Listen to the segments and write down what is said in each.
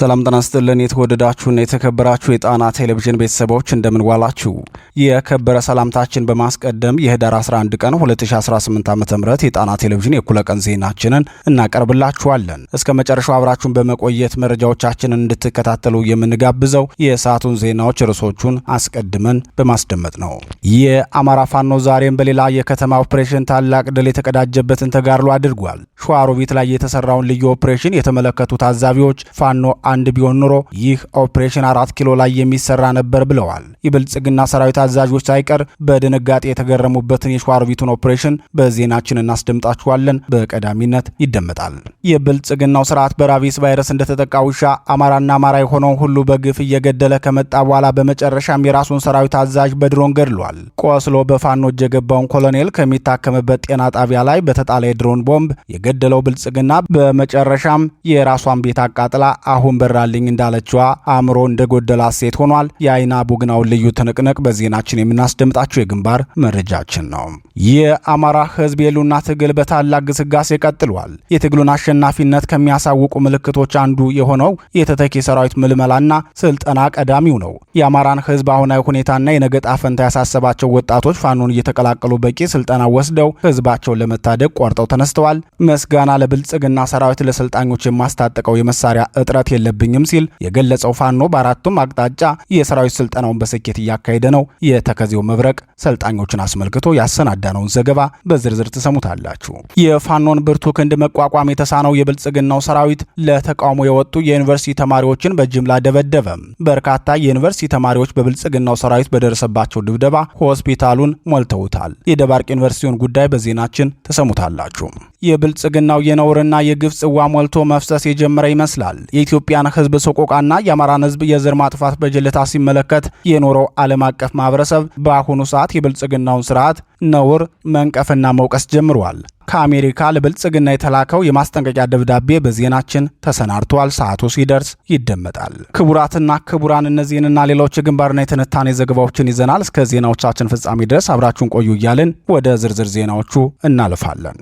ሰላም ጤና ይስጥልን የተወደዳችሁና የተከበራችሁ የጣና ቴሌቪዥን ቤተሰቦች እንደምን ዋላችሁ። የከበረ ሰላምታችን በማስቀደም የህዳር 11 ቀን 2018 ዓ.ም የጣና ቴሌቪዥን የእኩለ ቀን ዜናችንን እናቀርብላችኋለን። እስከ መጨረሻው አብራችሁን በመቆየት መረጃዎቻችንን እንድትከታተሉ የምንጋብዘው የሰዓቱን ዜናዎች ርዕሶቹን አስቀድመን በማስደመጥ ነው። የአማራ ፋኖ ዛሬም በሌላ የከተማ ኦፕሬሽን ታላቅ ድል የተቀዳጀበትን ተጋድሎ አድርጓል። ሸዋሮቢት ላይ የተሰራውን ልዩ ኦፕሬሽን የተመለከቱ ታዛቢዎች ፋኖ አንድ ቢሆን ኖሮ ይህ ኦፕሬሽን አራት ኪሎ ላይ የሚሰራ ነበር ብለዋል። የብልጽግና ሰራዊት አዛዦች ሳይቀር በድንጋጤ የተገረሙበትን የሸዋሮቢቱን ኦፕሬሽን በዜናችን እናስደምጣችኋለን። በቀዳሚነት ይደመጣል። የብልጽግናው ስርዓት በራቢስ ቫይረስ እንደተጠቃ ውሻ አማራና አማራ የሆነውን ሁሉ በግፍ እየገደለ ከመጣ በኋላ በመጨረሻም የራሱን ሰራዊት አዛዥ በድሮን ገድሏል። ቆስሎ በፋኖ እጅ የገባውን ኮሎኔል ከሚታከምበት ጤና ጣቢያ ላይ በተጣለ የድሮን ቦምብ የገደለው ብልጽግና በመጨረሻም የራሷን ቤት አቃጥላ አሁን አሁን በራልኝ እንዳለችዋ አእምሮ እንደጎደላት ሴት ሆኗል። የአይና ቡግናውን ልዩ ትንቅንቅ በዜናችን የምናስደምጣቸው የግንባር መረጃችን ነው። የአማራ ህዝብ የሉና ትግል በታላቅ ግስጋሴ ቀጥሏል። የትግሉን አሸናፊነት ከሚያሳውቁ ምልክቶች አንዱ የሆነው የተተኪ ሰራዊት ምልመላና ስልጠና ቀዳሚው ነው። የአማራን ህዝብ አሁናዊ ሁኔታና የነገ ዕጣ ፈንታ ያሳሰባቸው ወጣቶች ፋኖን እየተቀላቀሉ በቂ ስልጠና ወስደው ህዝባቸውን ለመታደግ ቆርጠው ተነስተዋል። ምስጋና ለብልጽግና ሰራዊት ለሰልጣኞች የማስታጠቀው የመሳሪያ እጥረት የለብኝም ሲል የገለጸው ፋኖ በአራቱም አቅጣጫ የሰራዊት ስልጠናውን በስኬት እያካሄደ ነው። የተከዜው መብረቅ ሰልጣኞችን አስመልክቶ ያሰናዳነውን ዘገባ በዝርዝር ትሰሙታላችሁ። የፋኖን ብርቱ ክንድ መቋቋም የተሳነው የብልጽግናው ሰራዊት ለተቃውሞ የወጡ የዩኒቨርሲቲ ተማሪዎችን በጅምላ ደበደበም። በርካታ የዩኒቨርሲቲ ተማሪዎች በብልጽግናው ሰራዊት በደረሰባቸው ድብደባ ሆስፒታሉን ሞልተውታል። የደባርቅ ዩኒቨርሲቲውን ጉዳይ በዜናችን ተሰሙታላችሁ። የብልጽግናው የነውርና የግፍ ጽዋ ሞልቶ መፍሰስ የጀመረ ይመስላል። የኢትዮጵያን ሕዝብ ሰቆቃና የአማራን ሕዝብ የዘር ማጥፋት በጅልታ ሲመለከት የኖረው ዓለም አቀፍ ማህበረሰብ በአሁኑ ሰዓት የብልጽግናውን ስርዓት ነውር መንቀፍና መውቀስ ጀምሯል። ከአሜሪካ ለብልጽግና የተላከው የማስጠንቀቂያ ደብዳቤ በዜናችን ተሰናድቷል። ሰዓቱ ሲደርስ ይደመጣል። ክቡራትና ክቡራን፣ እነዚህንና ሌሎች የግንባርና የትንታኔ ዘገባዎችን ይዘናል። እስከ ዜናዎቻችን ፍጻሜ ድረስ አብራችሁን ቆዩ እያልን ወደ ዝርዝር ዜናዎቹ እናልፋለን።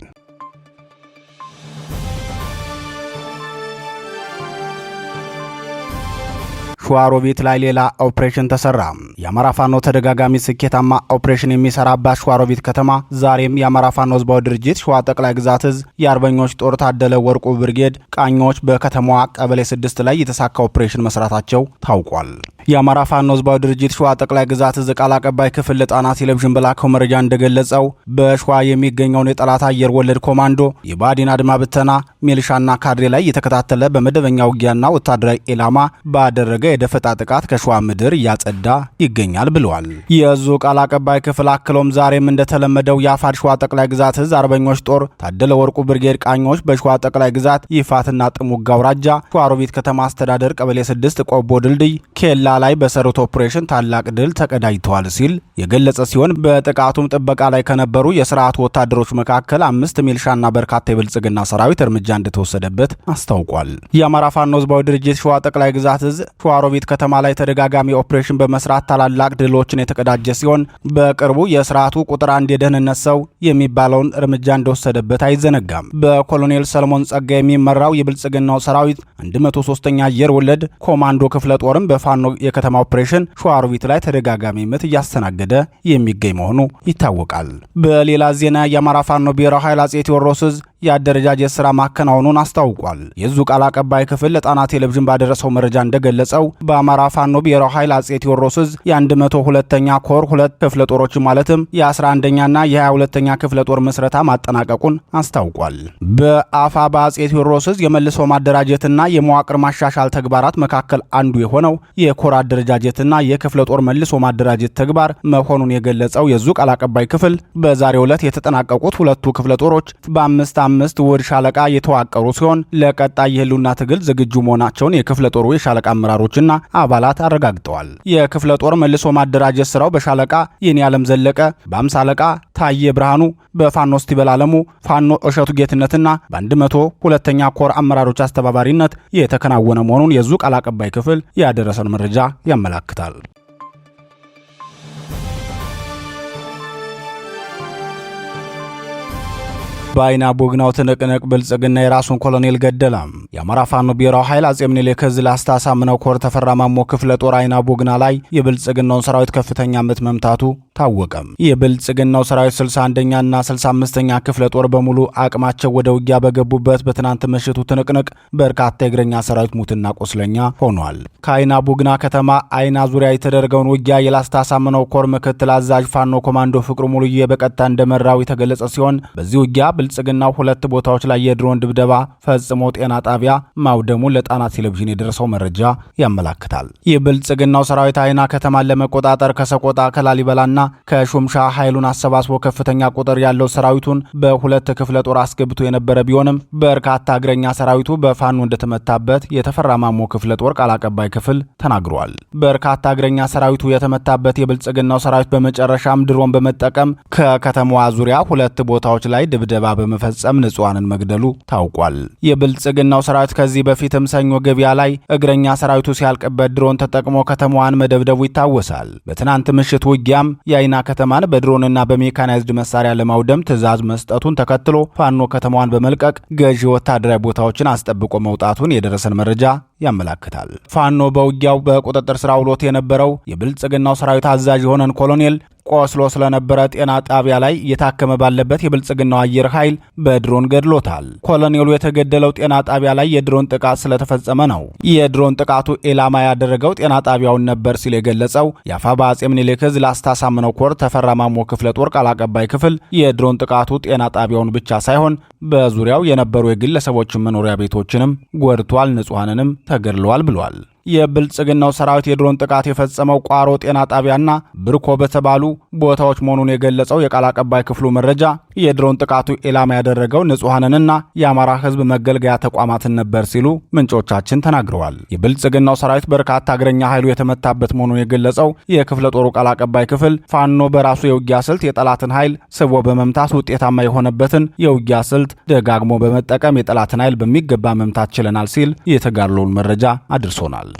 ሸዋሮቢት ላይ ሌላ ኦፕሬሽን ተሰራ። የአማራ ፋኖ ተደጋጋሚ ስኬታማ ኦፕሬሽን የሚሰራባት ሸዋሮቢት ከተማ ዛሬም የአማራ ፋኖ ህዝባዊ ድርጅት ሸዋ ጠቅላይ ግዛት እዝ የአርበኞች ጦር ታደለ ወርቁ ብርጌድ ቃኞች በከተማዋ ቀበሌ ስድስት ላይ የተሳካ ኦፕሬሽን መስራታቸው ታውቋል። የአማራ ፋኖ ህዝባዊ ድርጅት ሸዋ ጠቅላይ ግዛት እዝ ቃል አቀባይ ክፍል ለጣና ቴሌቪዥን በላከው መረጃ እንደገለጸው በሸዋ የሚገኘውን የጠላት አየር ወለድ ኮማንዶ የባዲን አድማ ብተና ሜልሻና ካድሬ ላይ እየተከታተለ በመደበኛ ውጊያና ወታደራዊ ኢላማ ባደረገ የደፈጣ ጥቃት ከሸዋ ምድር እያጸዳ ይገኛል ብለዋል። የእዙ ቃል አቀባይ ክፍል አክሎም ዛሬም እንደተለመደው የአፋድ ሸዋ ጠቅላይ ግዛት እዝ አርበኞች ጦር ታደለ ወርቁ ብርጌድ ቃኞች በሸዋ ጠቅላይ ግዛት ይፋትና ጥሙጋ አውራጃ ሸዋሮቢት ከተማ አስተዳደር ቀበሌ ስድስት ቆቦ ድልድይ ኬላ ላይ በሰሩት ኦፕሬሽን ታላቅ ድል ተቀዳጅተዋል ሲል የገለጸ ሲሆን በጥቃቱም ጥበቃ ላይ ከነበሩ የስርዓቱ ወታደሮች መካከል አምስት ሚልሻና በርካታ የብልጽግና ሰራዊት እርምጃ እንደተወሰደበት አስታውቋል። የአማራ ፋኖ ዝባዊ ድርጅት ሸዋ ጠቅላይ ግዛት እዝ ሸዋሮቢት ከተማ ላይ ተደጋጋሚ ኦፕሬሽን በመስራት ታላላቅ ድሎችን የተቀዳጀ ሲሆን በቅርቡ የስርዓቱ ቁጥር አንድ የደህንነት ሰው የሚባለውን እርምጃ እንደወሰደበት አይዘነጋም። በኮሎኔል ሰለሞን ጸጋ የሚመራው የብልጽግናው ሰራዊት 103ኛ አየር ወለድ ኮማንዶ ክፍለ ጦርም በፋኖ የከተማ ኦፕሬሽን ሸዋሮቢት ላይ ተደጋጋሚ ምት እያስተናገደ የሚገኝ መሆኑ ይታወቃል። በሌላ ዜና የአማራ ፋኖ ብሔራዊ ኃይል አጼ ቴዎድሮስ የአደረጃጀት ስራ ማከናወኑን አስታውቋል። የዙ ቃል አቀባይ ክፍል ለጣና ቴሌቪዥን ባደረሰው መረጃ እንደገለጸው በአማራ ፋኖ ብሔራዊ ኃይል አጼ ቴዎድሮስ እዝ የ102ኛ ኮር ሁለት ክፍለ ጦሮች ማለትም የ11ኛና የ22ኛ ክፍለ ጦር ምስረታ ማጠናቀቁን አስታውቋል። በአፋ በአጼ ቴዎድሮስ እዝ የመልሶ ማደራጀትና የመዋቅር ማሻሻል ተግባራት መካከል አንዱ የሆነው የኮር አደረጃጀትና የክፍለ ጦር መልሶ ማደራጀት ተግባር መሆኑን የገለጸው የዙ ቃል አቀባይ ክፍል በዛሬው ዕለት የተጠናቀቁት ሁለቱ ክፍለ ጦሮች በአምስት አምስት ውህድ ሻለቃ የተዋቀሩ ሲሆን ለቀጣይ የህልውና ትግል ዝግጁ መሆናቸውን የክፍለ ጦሩ የሻለቃ አመራሮችና አባላት አረጋግጠዋል። የክፍለ ጦር መልሶ ማደራጀት ስራው በሻለቃ የኔ ዓለም ዘለቀ፣ በአምሳ አለቃ ታዬ ብርሃኑ፣ በፋኖ ስቲበል አለሙ፣ ፋኖ እሸቱ ጌትነትና በአንድ መቶ ሁለተኛ ኮር አመራሮች አስተባባሪነት የተከናወነ መሆኑን የዙ ቃል አቀባይ ክፍል ያደረሰን መረጃ ያመላክታል። በአይና ቡግናው ትንቅንቅ ብልጽግና የራሱን ኮሎኔል ገደለ። የአማራ ፋኖ ብሔራዊ ኃይል አጼ ምኒልክ ዕዝ ላስታ ሳምነው ኮር ተፈራማሞ ክፍለ ጦር አይና ቡግና ላይ የብልጽግናውን ሰራዊት ከፍተኛ ምት መምታቱ ታወቀ። የብልጽግናው ሰራዊት 61ኛና 65ኛ ክፍለ ጦር በሙሉ አቅማቸው ወደ ውጊያ በገቡበት በትናንት ምሽቱ ትንቅንቅ በርካታ የእግረኛ ሰራዊት ሙትና ቆስለኛ ሆኗል። ከአይና ቡግና ከተማ አይና ዙሪያ የተደረገውን ውጊያ የላስታ ሳምነው ኮር ምክትል አዛዥ ፋኖ ኮማንዶ ፍቅሩ ሙሉዬ በቀጥታ እንደመራው የተገለጸ ሲሆን በዚህ ውጊያ ብልጽግና ሁለት ቦታዎች ላይ የድሮን ድብደባ ፈጽሞ ጤና ጣቢያ ማውደሙን ለጣና ቴሌቪዥን የደረሰው መረጃ ያመላክታል። የብልጽግናው ሰራዊት አይና ከተማን ለመቆጣጠር ከሰቆጣ ከላሊበላና ከሹምሻ ኃይሉን አሰባስቦ ከፍተኛ ቁጥር ያለው ሰራዊቱን በሁለት ክፍለ ጦር አስገብቶ የነበረ ቢሆንም በርካታ እግረኛ ሰራዊቱ በፋኖ እንደተመታበት የተፈራ ማሞ ክፍለ ጦር ቃል አቀባይ ክፍል ተናግሯል። በርካታ እግረኛ ሰራዊቱ የተመታበት የብልጽግናው ሰራዊት በመጨረሻም ድሮን በመጠቀም ከከተማዋ ዙሪያ ሁለት ቦታዎች ላይ ድብደባ በመፈጸም ንጹሐንን መግደሉ ታውቋል። የብልጽግናው ሰራዊት ከዚህ በፊትም ሰኞ ገበያ ላይ እግረኛ ሰራዊቱ ሲያልቅበት ድሮን ተጠቅሞ ከተማዋን መደብደቡ ይታወሳል። በትናንት ምሽት ውጊያም የአይና ከተማን በድሮንና በሜካናይዝድ መሳሪያ ለማውደም ትዕዛዝ መስጠቱን ተከትሎ ፋኖ ከተማዋን በመልቀቅ ገዢ ወታደራዊ ቦታዎችን አስጠብቆ መውጣቱን የደረሰን መረጃ ያመላክታል። ፋኖ በውጊያው በቁጥጥር ስራ ውሎት የነበረው የብልጽግናው ሰራዊት አዛዥ የሆነን ኮሎኔል ቆስሎ ስለነበረ ጤና ጣቢያ ላይ እየታከመ ባለበት የብልጽግናው አየር ኃይል በድሮን ገድሎታል። ኮሎኔሉ የተገደለው ጤና ጣቢያ ላይ የድሮን ጥቃት ስለተፈጸመ ነው። የድሮን ጥቃቱ ኢላማ ያደረገው ጤና ጣቢያውን ነበር ሲል የገለጸው የአፋባ አጼ ምኒልክ ዕዝ ላስታ ሳምነው ኮር ተፈራማሞ ክፍለ ጦር ቃል አቀባይ ክፍል የድሮን ጥቃቱ ጤና ጣቢያውን ብቻ ሳይሆን በዙሪያው የነበሩ የግለሰቦችን መኖሪያ ቤቶችንም ጎድቷል፣ ንጹሐንንም ተገድለዋል ብሏል። የብልጽግናው ሰራዊት የድሮን ጥቃት የፈጸመው ቋሮ ጤና ጣቢያና ብርኮ በተባሉ ቦታዎች መሆኑን የገለጸው የቃል አቀባይ ክፍሉ መረጃ የድሮን ጥቃቱ ኢላማ ያደረገው ንጹሐንንና የአማራ ሕዝብ መገልገያ ተቋማትን ነበር ሲሉ ምንጮቻችን ተናግረዋል። የብልጽግናው ሰራዊት በርካታ እግረኛ ኃይሉ የተመታበት መሆኑን የገለጸው የክፍለ ጦሩ ቃል አቀባይ ክፍል ፋኖ በራሱ የውጊያ ስልት የጠላትን ኃይል ስቦ በመምታት ውጤታማ የሆነበትን የውጊያ ስልት ደጋግሞ በመጠቀም የጠላትን ኃይል በሚገባ መምታት ችለናል ሲል የተጋድሎውን መረጃ አድርሶናል።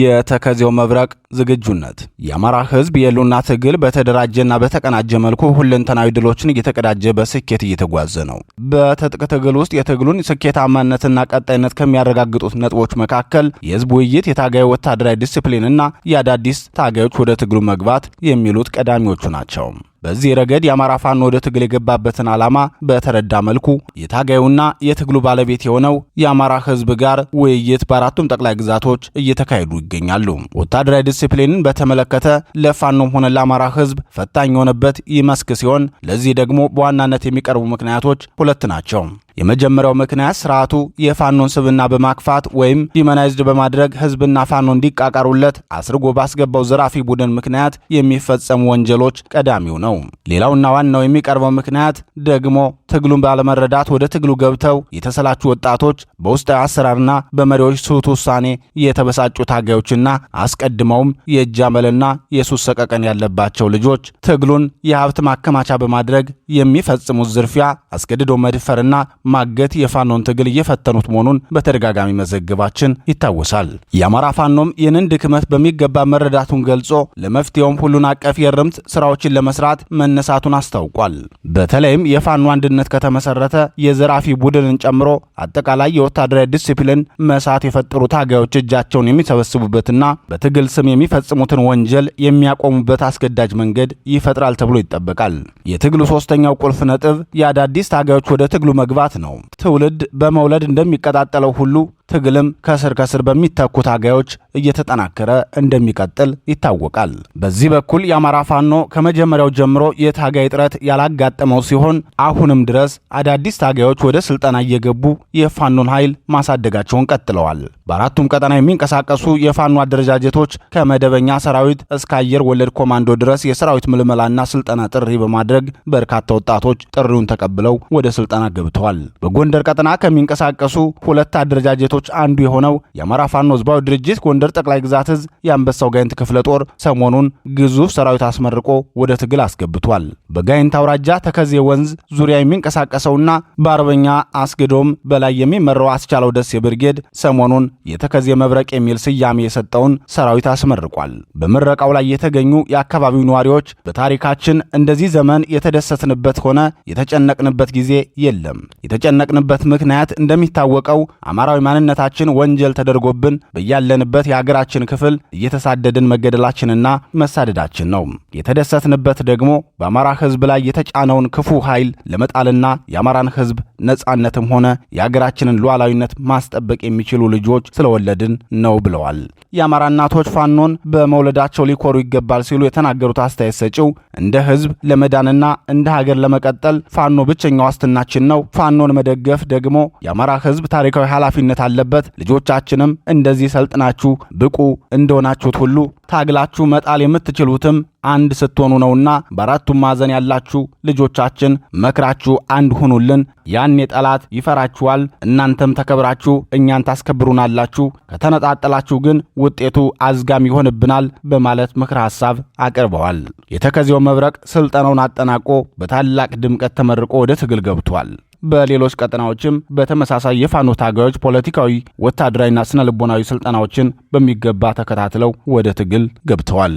የተከዜው መብረቅ ዝግጁነት የአማራ ህዝብ የሉና ትግል በተደራጀና በተቀናጀ መልኩ ሁለንተናዊ ድሎችን እየተቀዳጀ በስኬት እየተጓዘ ነው። በትጥቅ ትግል ውስጥ የትግሉን ስኬታማነትና ቀጣይነት ከሚያረጋግጡት ነጥቦች መካከል የህዝብ ውይይት፣ የታጋዩ ወታደራዊ ዲስፕሊንና የአዳዲስ ታጋዮች ወደ ትግሉ መግባት የሚሉት ቀዳሚዎቹ ናቸው። በዚህ ረገድ የአማራ ፋኖ ወደ ትግል የገባበትን ዓላማ በተረዳ መልኩ የታጋዩና የትግሉ ባለቤት የሆነው የአማራ ሕዝብ ጋር ውይይት በአራቱም ጠቅላይ ግዛቶች እየተካሄዱ ይገኛሉ። ወታደራዊ ዲሲፕሊንን በተመለከተ ለፋኖም ሆነ ለአማራ ሕዝብ ፈታኝ የሆነበት ይህ መስክ ሲሆን ለዚህ ደግሞ በዋናነት የሚቀርቡ ምክንያቶች ሁለት ናቸው። የመጀመሪያው ምክንያት ስርዓቱ የፋኖን ስብና በማክፋት ወይም ዲመናይዝድ በማድረግ ህዝብና ፋኖ እንዲቃቀሩለት አስርጎ ባስገባው ዘራፊ ቡድን ምክንያት የሚፈጸሙ ወንጀሎች ቀዳሚው ነው። ሌላውና ዋናው የሚቀርበው ምክንያት ደግሞ ትግሉን ባለመረዳት ወደ ትግሉ ገብተው የተሰላቹ ወጣቶች በውስጣዊ አሰራርና በመሪዎች ስሁት ውሳኔ የተበሳጩ ታጋዮችና አስቀድመውም የእጅ አመልና የሱስ ሰቀቀን ያለባቸው ልጆች ትግሉን የሀብት ማከማቻ በማድረግ የሚፈጽሙት ዝርፊያ፣ አስገድዶ መድፈርና ማገት የፋኖን ትግል እየፈተኑት መሆኑን በተደጋጋሚ መዘግባችን ይታወሳል። የአማራ ፋኖም ይህንን ድክመት በሚገባ መረዳቱን ገልጾ ለመፍትሄውም ሁሉን አቀፍ የርምት ስራዎችን ለመስራት መነሳቱን አስታውቋል። በተለይም የፋኖ አንድነት ከተመሰረተ የዘራፊ ቡድንን ጨምሮ አጠቃላይ የወታደራዊ ዲሲፕሊን መሳት የፈጠሩ ታጋዮች እጃቸውን የሚሰበስቡበትና በትግል ስም የሚፈጽሙትን ወንጀል የሚያቆሙበት አስገዳጅ መንገድ ይፈጥራል ተብሎ ይጠበቃል። የትግሉ ሶስተኛው ቁልፍ ነጥብ የአዳዲስ ታጋዮች ወደ ትግሉ መግባት ነው። ትውልድ በመውለድ እንደሚቀጣጠለው ሁሉ ትግልም ከስር ከስር በሚተኩ ታጋዮች እየተጠናከረ እንደሚቀጥል ይታወቃል። በዚህ በኩል የአማራ ፋኖ ከመጀመሪያው ጀምሮ የታጋይ ጥረት ያላጋጠመው ሲሆን አሁንም ድረስ አዳዲስ ታጋዮች ወደ ስልጠና እየገቡ የፋኖን ኃይል ማሳደጋቸውን ቀጥለዋል። በአራቱም ቀጠና የሚንቀሳቀሱ የፋኖ አደረጃጀቶች ከመደበኛ ሰራዊት እስከ አየር ወለድ ኮማንዶ ድረስ የሰራዊት ምልመላና ስልጠና ጥሪ በማድረግ በርካታ ወጣቶች ጥሪውን ተቀብለው ወደ ስልጠና ገብተዋል። በጎንደር ቀጠና ከሚንቀሳቀሱ ሁለት አደረጃጀቶች ግጭቶች አንዱ የሆነው የአማራ ፋኖ ህዝባዊ ድርጅት ጎንደር ጠቅላይ ግዛት እዝ የአንበሳው ጋይንት ክፍለ ጦር ሰሞኑን ግዙፍ ሰራዊት አስመርቆ ወደ ትግል አስገብቷል። በጋይንት አውራጃ ተከዜ ወንዝ ዙሪያ የሚንቀሳቀሰውና በአርበኛ አስገዶም በላይ የሚመራው አስቻለው ደሴ ብርጌድ ሰሞኑን የተከዜ መብረቅ የሚል ስያሜ የሰጠውን ሰራዊት አስመርቋል። በምረቃው ላይ የተገኙ የአካባቢው ነዋሪዎች በታሪካችን እንደዚህ ዘመን የተደሰትንበት ሆነ የተጨነቅንበት ጊዜ የለም። የተጨነቅንበት ምክንያት እንደሚታወቀው አማራዊ ማንነት ማንነታችን ወንጀል ተደርጎብን በያለንበት የአገራችን ክፍል እየተሳደድን መገደላችንና መሳደዳችን ነው። የተደሰትንበት ደግሞ በአማራ ሕዝብ ላይ የተጫነውን ክፉ ኃይል ለመጣልና የአማራን ሕዝብ ነጻነትም ሆነ የአገራችንን ሉዓላዊነት ማስጠበቅ የሚችሉ ልጆች ስለወለድን ነው ብለዋል። የአማራ እናቶች ፋኖን በመውለዳቸው ሊኮሩ ይገባል ሲሉ የተናገሩት አስተያየት ሰጪው እንደ ሕዝብ ለመዳንና እንደ ሀገር ለመቀጠል ፋኖ ብቸኛ ዋስትናችን ነው። ፋኖን መደገፍ ደግሞ የአማራ ሕዝብ ታሪካዊ ኃላፊነት አለ አለበት። ልጆቻችንም እንደዚህ ሰልጥናችሁ ብቁ እንደሆናችሁት ሁሉ ታግላችሁ መጣል የምትችሉትም አንድ ስትሆኑ ነውና በአራቱም ማዕዘን ያላችሁ ልጆቻችን መክራችሁ አንድ ሁኑልን። ያኔ ጠላት ይፈራችኋል፣ እናንተም ተከብራችሁ እኛን ታስከብሩናላችሁ። ከተነጣጠላችሁ ግን ውጤቱ አዝጋሚ ይሆንብናል በማለት ምክረ ሐሳብ አቅርበዋል። የተከዜው መብረቅ ስልጠናውን አጠናቆ በታላቅ ድምቀት ተመርቆ ወደ ትግል ገብቷል። በሌሎች ቀጠናዎችም በተመሳሳይ የፋኖ ታጋዮች ፖለቲካዊ፣ ወታደራዊና ስነ ልቦናዊ ስልጠናዎችን በሚገባ ተከታትለው ወደ ትግል ገብተዋል።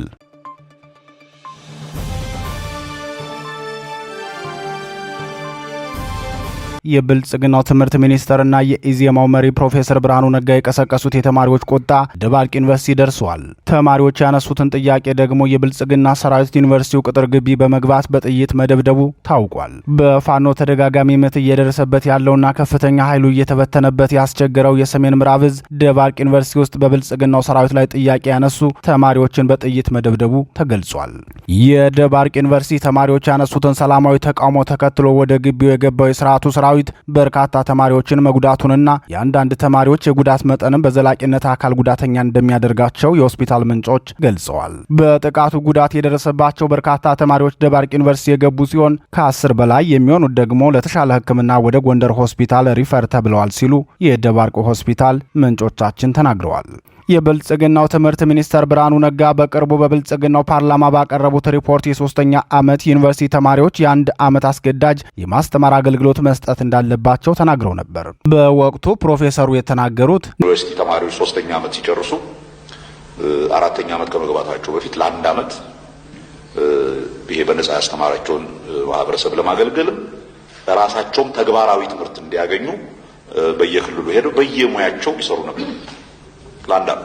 የብልጽግናው ትምህርት ሚኒስተርና የኢዜማው መሪ ፕሮፌሰር ብርሃኑ ነጋ የቀሰቀሱት የተማሪዎች ቁጣ ደባርቅ ዩኒቨርሲቲ ደርሷል። ተማሪዎች ያነሱትን ጥያቄ ደግሞ የብልጽግና ሰራዊት ዩኒቨርሲቲው ቅጥር ግቢ በመግባት በጥይት መደብደቡ ታውቋል። በፋኖ ተደጋጋሚ ምት እየደረሰበት ያለውና ከፍተኛ ኃይሉ እየተበተነበት ያስቸገረው የሰሜን ምዕራብ እዝ ደባርቅ ዩኒቨርሲቲ ውስጥ በብልጽግናው ሰራዊት ላይ ጥያቄ ያነሱ ተማሪዎችን በጥይት መደብደቡ ተገልጿል። የደባርቅ ዩኒቨርሲቲ ተማሪዎች ያነሱትን ሰላማዊ ተቃውሞ ተከትሎ ወደ ግቢው የገባው የስርዓቱ ስራ ሰራዊት በርካታ ተማሪዎችን መጉዳቱንና የአንዳንድ ተማሪዎች የጉዳት መጠንም በዘላቂነት አካል ጉዳተኛ እንደሚያደርጋቸው የሆስፒታል ምንጮች ገልጸዋል። በጥቃቱ ጉዳት የደረሰባቸው በርካታ ተማሪዎች ደባርቅ ዩኒቨርሲቲ የገቡ ሲሆን ከአስር በላይ የሚሆኑት ደግሞ ለተሻለ ሕክምና ወደ ጎንደር ሆስፒታል ሪፈር ተብለዋል ሲሉ የደባርቅ ሆስፒታል ምንጮቻችን ተናግረዋል። የብልጽግናው ትምህርት ሚኒስተር ብርሃኑ ነጋ በቅርቡ በብልጽግናው ፓርላማ ባቀረቡት ሪፖርት የሶስተኛ ዓመት ዩኒቨርሲቲ ተማሪዎች የአንድ ዓመት አስገዳጅ የማስተማር አገልግሎት መስጠት እንዳለባቸው ተናግረው ነበር። በወቅቱ ፕሮፌሰሩ የተናገሩት ዩኒቨርሲቲ ተማሪዎች ሶስተኛ ዓመት ሲጨርሱ አራተኛ ዓመት ከመግባታቸው በፊት ለአንድ ዓመት ይሄ በነጻ ያስተማራቸውን ማህበረሰብ ለማገልገልም ራሳቸውም ተግባራዊ ትምህርት እንዲያገኙ በየክልሉ ሄደው በየሙያቸው ይሰሩ ነበር። লন্ডন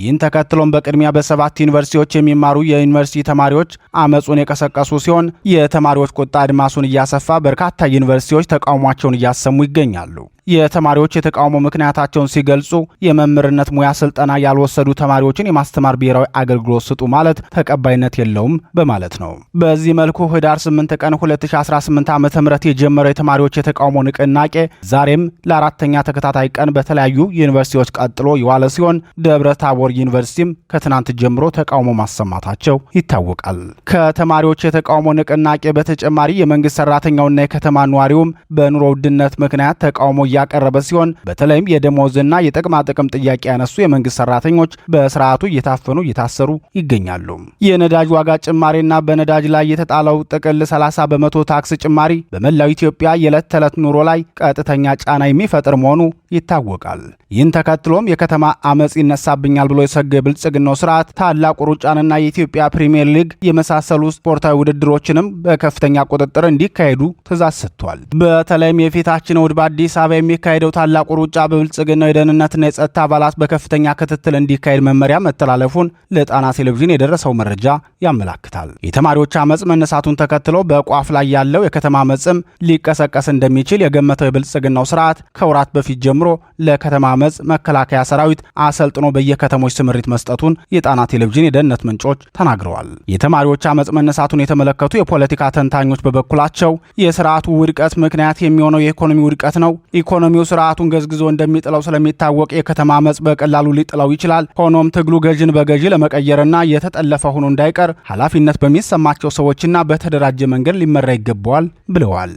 ይህን ተከትሎም በቅድሚያ በሰባት ዩኒቨርሲቲዎች የሚማሩ የዩኒቨርሲቲ ተማሪዎች አመፁን የቀሰቀሱ ሲሆን የተማሪዎች ቁጣ አድማሱን እያሰፋ በርካታ ዩኒቨርሲቲዎች ተቃውሟቸውን እያሰሙ ይገኛሉ። የተማሪዎች የተቃውሞ ምክንያታቸውን ሲገልጹ የመምህርነት ሙያ ስልጠና ያልወሰዱ ተማሪዎችን የማስተማር ብሔራዊ አገልግሎት ስጡ ማለት ተቀባይነት የለውም በማለት ነው። በዚህ መልኩ ህዳር 8 ቀን 2018 ዓ ም የጀመረው የተማሪዎች የተቃውሞ ንቅናቄ ዛሬም ለአራተኛ ተከታታይ ቀን በተለያዩ ዩኒቨርሲቲዎች ቀጥሎ የዋለ ሲሆን ደብረ ታቦር በአምቦር ዩኒቨርሲቲም ከትናንት ጀምሮ ተቃውሞ ማሰማታቸው ይታወቃል። ከተማሪዎች የተቃውሞ ንቅናቄ በተጨማሪ የመንግስት ሰራተኛውና የከተማ ነዋሪውም በኑሮ ውድነት ምክንያት ተቃውሞ እያቀረበ ሲሆን በተለይም የደሞዝና የጥቅማ ጥቅም ጥያቄ ያነሱ የመንግስት ሰራተኞች በስርዓቱ እየታፈኑ እየታሰሩ ይገኛሉ። የነዳጅ ዋጋ ጭማሪና በነዳጅ ላይ የተጣለው ጥቅል 30 በመቶ ታክስ ጭማሪ በመላው ኢትዮጵያ የዕለት ተዕለት ኑሮ ላይ ቀጥተኛ ጫና የሚፈጥር መሆኑ ይታወቃል። ይህን ተከትሎም የከተማ አመፅ ይነሳብኛል ብሎ የሰገ ብልጽግናው ስርዓት ታላቁ ሩጫንና የኢትዮጵያ ፕሪምየር ሊግ የመሳሰሉ ስፖርታዊ ውድድሮችንም በከፍተኛ ቁጥጥር እንዲካሄዱ ትእዛዝ ሰጥቷል። በተለይም የፊታችን እሁድ በአዲስ አበባ የሚካሄደው ታላቁ ሩጫ በብልጽግናው የደህንነትና የጸጥታ አባላት በከፍተኛ ክትትል እንዲካሄድ መመሪያ መተላለፉን ለጣና ቴሌቪዥን የደረሰው መረጃ ያመላክታል። የተማሪዎች አመፅ መነሳቱን ተከትሎ በቋፍ ላይ ያለው የከተማ አመፅም ሊቀሰቀስ እንደሚችል የገመተው የብልጽግናው ስርዓት ከውራት በፊት ጀምሮ ለከተማ አመፅ መከላከያ ሰራዊት አሰልጥኖ በየከተሞ ከተሞች ስምሪት መስጠቱን የጣና ቴሌቪዥን የደህንነት ምንጮች ተናግረዋል። የተማሪዎች አመፅ መነሳቱን የተመለከቱ የፖለቲካ ተንታኞች በበኩላቸው የስርዓቱ ውድቀት ምክንያት የሚሆነው የኢኮኖሚ ውድቀት ነው። ኢኮኖሚው ስርዓቱን ገዝግዞ እንደሚጥለው ስለሚታወቅ የከተማ አመፅ በቀላሉ ሊጥለው ይችላል። ሆኖም ትግሉ ገዥን በገዢ ለመቀየርና የተጠለፈ ሆኖ እንዳይቀር ኃላፊነት በሚሰማቸው ሰዎችና በተደራጀ መንገድ ሊመራ ይገባዋል ብለዋል።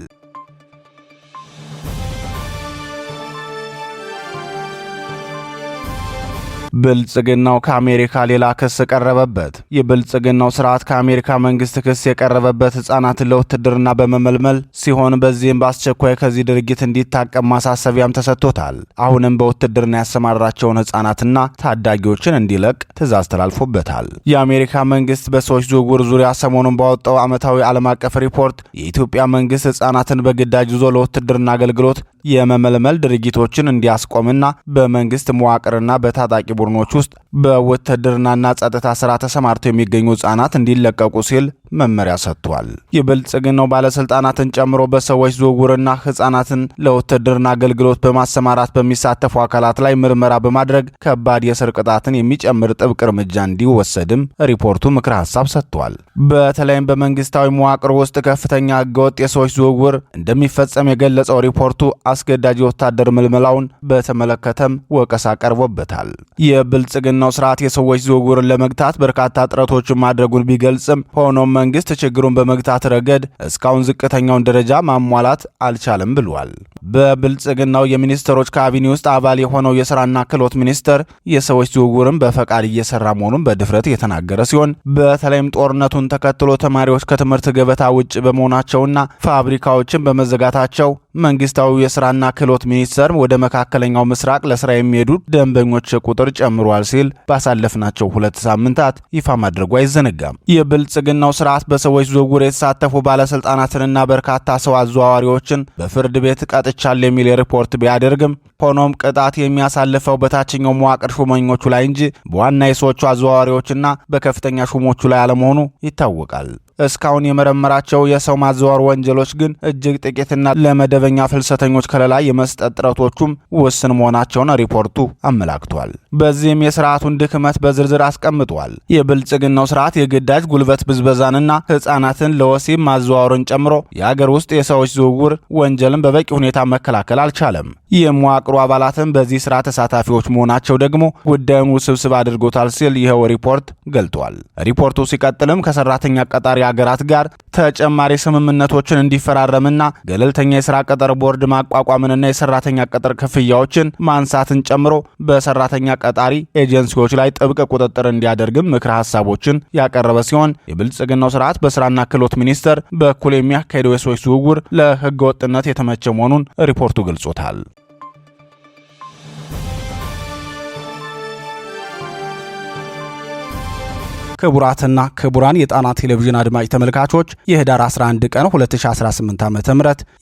ብልጽግናው ከአሜሪካ ሌላ ክስ ቀረበበት። የብልጽግናው ስርዓት ከአሜሪካ መንግስት ክስ የቀረበበት ህጻናትን ለውትድርና በመመልመል ሲሆን በዚህም በአስቸኳይ ከዚህ ድርጊት እንዲታቀም ማሳሰቢያም ተሰጥቶታል። አሁንም በውትድርና ያሰማራቸውን ህጻናትና ታዳጊዎችን እንዲለቅ ትእዛዝ ተላልፎበታል። የአሜሪካ መንግስት በሰዎች ዝውውር ዙሪያ ሰሞኑን ባወጣው ዓመታዊ ዓለም አቀፍ ሪፖርት የኢትዮጵያ መንግስት ህጻናትን በግዳጅ ይዞ ለውትድርና አገልግሎት የመመልመል ድርጊቶችን እንዲያስቆምና በመንግስት መዋቅርና በታጣቂ ቡድኖች ውስጥ በውትድርናና ጸጥታ ስራ ተሰማርተው የሚገኙ ህጻናት እንዲለቀቁ ሲል መመሪያ ሰጥቷል። የብልጽግናው ባለስልጣናትን ጨምሮ በሰዎች ዝውውርና ህጻናትን ለውትድርና አገልግሎት በማሰማራት በሚሳተፉ አካላት ላይ ምርመራ በማድረግ ከባድ የስር ቅጣትን የሚጨምር ጥብቅ እርምጃ እንዲወሰድም ሪፖርቱ ምክረ ሀሳብ ሰጥቷል። በተለይም በመንግስታዊ መዋቅር ውስጥ ከፍተኛ ህገወጥ የሰዎች ዝውውር እንደሚፈጸም የገለጸው ሪፖርቱ አስገዳጅ የወታደር ምልመላውን በተመለከተም ወቀሳ ቀርቦበታል። የብልጽግናው ስርዓት የሰዎች ዝውውርን ለመግታት በርካታ ጥረቶችን ማድረጉን ቢገልጽም ሆኖም መንግስት ችግሩን በመግታት ረገድ እስካሁን ዝቅተኛውን ደረጃ ማሟላት አልቻለም ብሏል። በብልጽግናው የሚኒስትሮች ካቢኔ ውስጥ አባል የሆነው የስራና ክህሎት ሚኒስተር የሰዎች ዝውውርን በፈቃድ እየሰራ መሆኑን በድፍረት የተናገረ ሲሆን በተለይም ጦርነቱን ተከትሎ ተማሪዎች ከትምህርት ገበታ ውጭ በመሆናቸውና ፋብሪካዎችን በመዘጋታቸው መንግስታዊ የስራና ክህሎት ሚኒስቴር ወደ መካከለኛው ምስራቅ ለስራ የሚሄዱ ደንበኞች ቁጥር ጨምሯል ሲል ባሳለፍናቸው ሁለት ሳምንታት ይፋ ማድረጉ አይዘነጋም። የብልጽግናው ስርዓት በሰዎች ዝውውር የተሳተፉ ባለስልጣናትንና በርካታ ሰው አዘዋዋሪዎችን በፍርድ ቤት ቀጥቻል የሚል ሪፖርት ቢያደርግም ሆኖም ቅጣት የሚያሳልፈው በታችኛው መዋቅር ሹመኞቹ ላይ እንጂ በዋና የሰዎቹ አዘዋዋሪዎችና በከፍተኛ ሹሞቹ ላይ አለመሆኑ ይታወቃል። እስካሁን የመረመራቸው የሰው ማዘዋወር ወንጀሎች ግን እጅግ ጥቂትና ለመደበኛ ፍልሰተኞች ከለላ የመስጠት ጥረቶቹም ውስን መሆናቸውን ሪፖርቱ አመላክቷል። በዚህም የስርዓቱን ድክመት በዝርዝር አስቀምጧል። የብልጽግናው ስርዓት የግዳጅ ጉልበት ብዝበዛንና ህጻናትን ለወሲብ ማዘዋወርን ጨምሮ የአገር ውስጥ የሰዎች ዝውውር ወንጀልን በበቂ ሁኔታ መከላከል አልቻለም። የሚያዋቅሩ አባላትም በዚህ ስራ ተሳታፊዎች መሆናቸው ደግሞ ጉዳዩን ውስብስብ አድርጎታል ሲል ይኸው ሪፖርት ገልጧል። ሪፖርቱ ሲቀጥልም ከሰራተኛ ቀጣሪ አገራት ጋር ተጨማሪ ስምምነቶችን እንዲፈራረምና ገለልተኛ የስራ ቀጠር ቦርድ ማቋቋምንና የሰራተኛ ቀጠር ክፍያዎችን ማንሳትን ጨምሮ በሰራተኛ ቀጣሪ ኤጀንሲዎች ላይ ጥብቅ ቁጥጥር እንዲያደርግም ምክረ ሀሳቦችን ያቀረበ ሲሆን የብልጽግናው ስርዓት በስራና ክህሎት ሚኒስቴር በኩል የሚያካሄደው የሰዎች ዝውውር ለህገወጥነት የተመቸ መሆኑን ሪፖርቱ ገልጾታል። ክቡራትና ክቡራን የጣና ቴሌቪዥን አድማጭ ተመልካቾች የህዳር 11 ቀን 2018 ዓ ም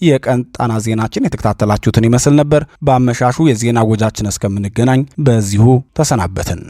የቀን ጣና ዜናችን የተከታተላችሁትን ይመስል ነበር። በአመሻሹ የዜና ወጃችን እስከምንገናኝ በዚሁ ተሰናበትን።